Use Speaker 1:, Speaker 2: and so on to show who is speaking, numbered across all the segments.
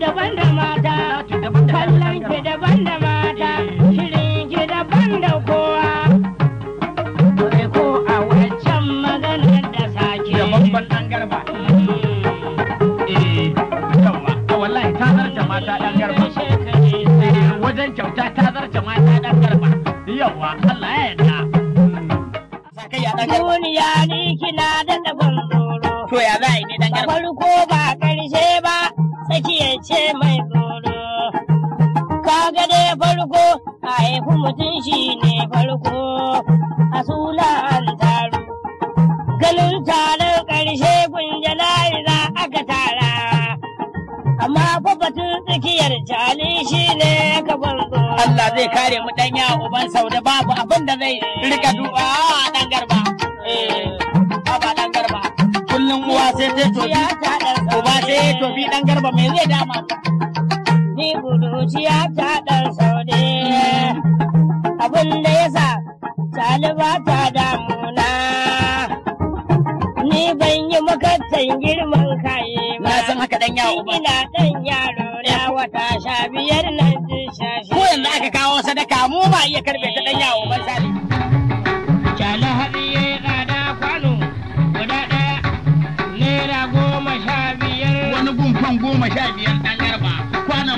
Speaker 1: daban da mata kallon ki daban da mata shirin ki daban da kowa ko a wancan maganar da sake da babban dan garba hmm. eh yawa wallahi ta zarce mata dan garba wajen kyauta ta zarce mata dan garba yawa Allah ya yarda duniya ni kina da tsagwaro to ya za yi ne dan garba gade farko a haifi mutum shi ne farko a sula an taru ganin taron ƙarshe kunjala za aka tara amma fa batun tsakiyar jali shi ne ka banzo Allah zai kare mu dan ya uban sau da babu abin da zai rika duba a ah, garba eh, garba kullum uwa sai ta tobi uba sai tobi ɗan garba me zai dama ni buruciya ta ɗan saude. Abin da ya sa taliba ta damuna. Ni ban yi makatan girman kaye ba. Na san haka ɗan yawo ba. Ina dan yaro na wata sha biyar na ji shi. Ko yanzu aka kawo sadaka mu ba iya karbe ta dan yawo ba sai ya yi kwano guda ɗaya naira goma sha biyar. Wani gumfan goma sha biyar ɗan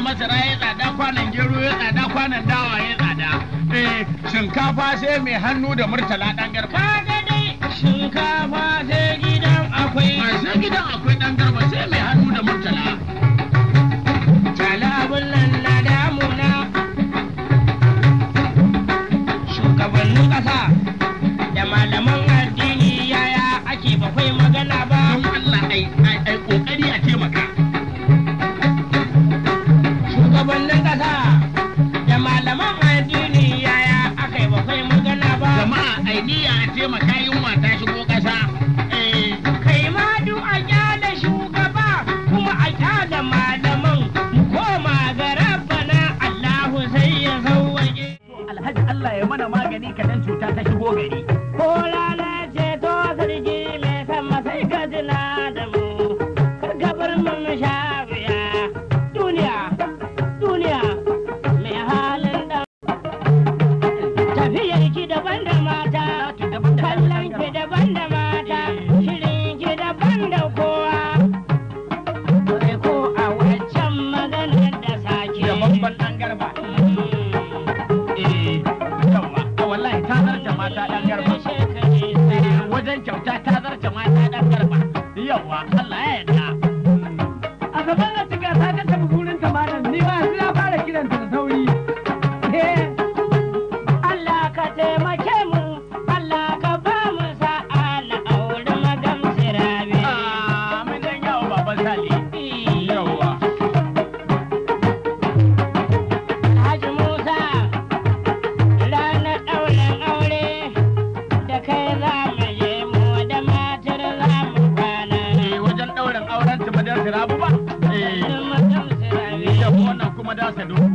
Speaker 1: masara ya tsada kwanan gero ya tsada kwanan dawa ya tsada eh shinkafa sai mai hannu da murtala dangar ba shinkafa taimaka yunwa ta shigo ƙasa. Eh. Kai ma a kyala shugaba kuma a kyala malaman mu koma ga rabbana Allahu sai ya sauwaƙe. Alhaji Allah ya mana magani kadan cuta ta shigo gari. Ko 連長いたいた sirabu ba eh wannan kuma da sadu.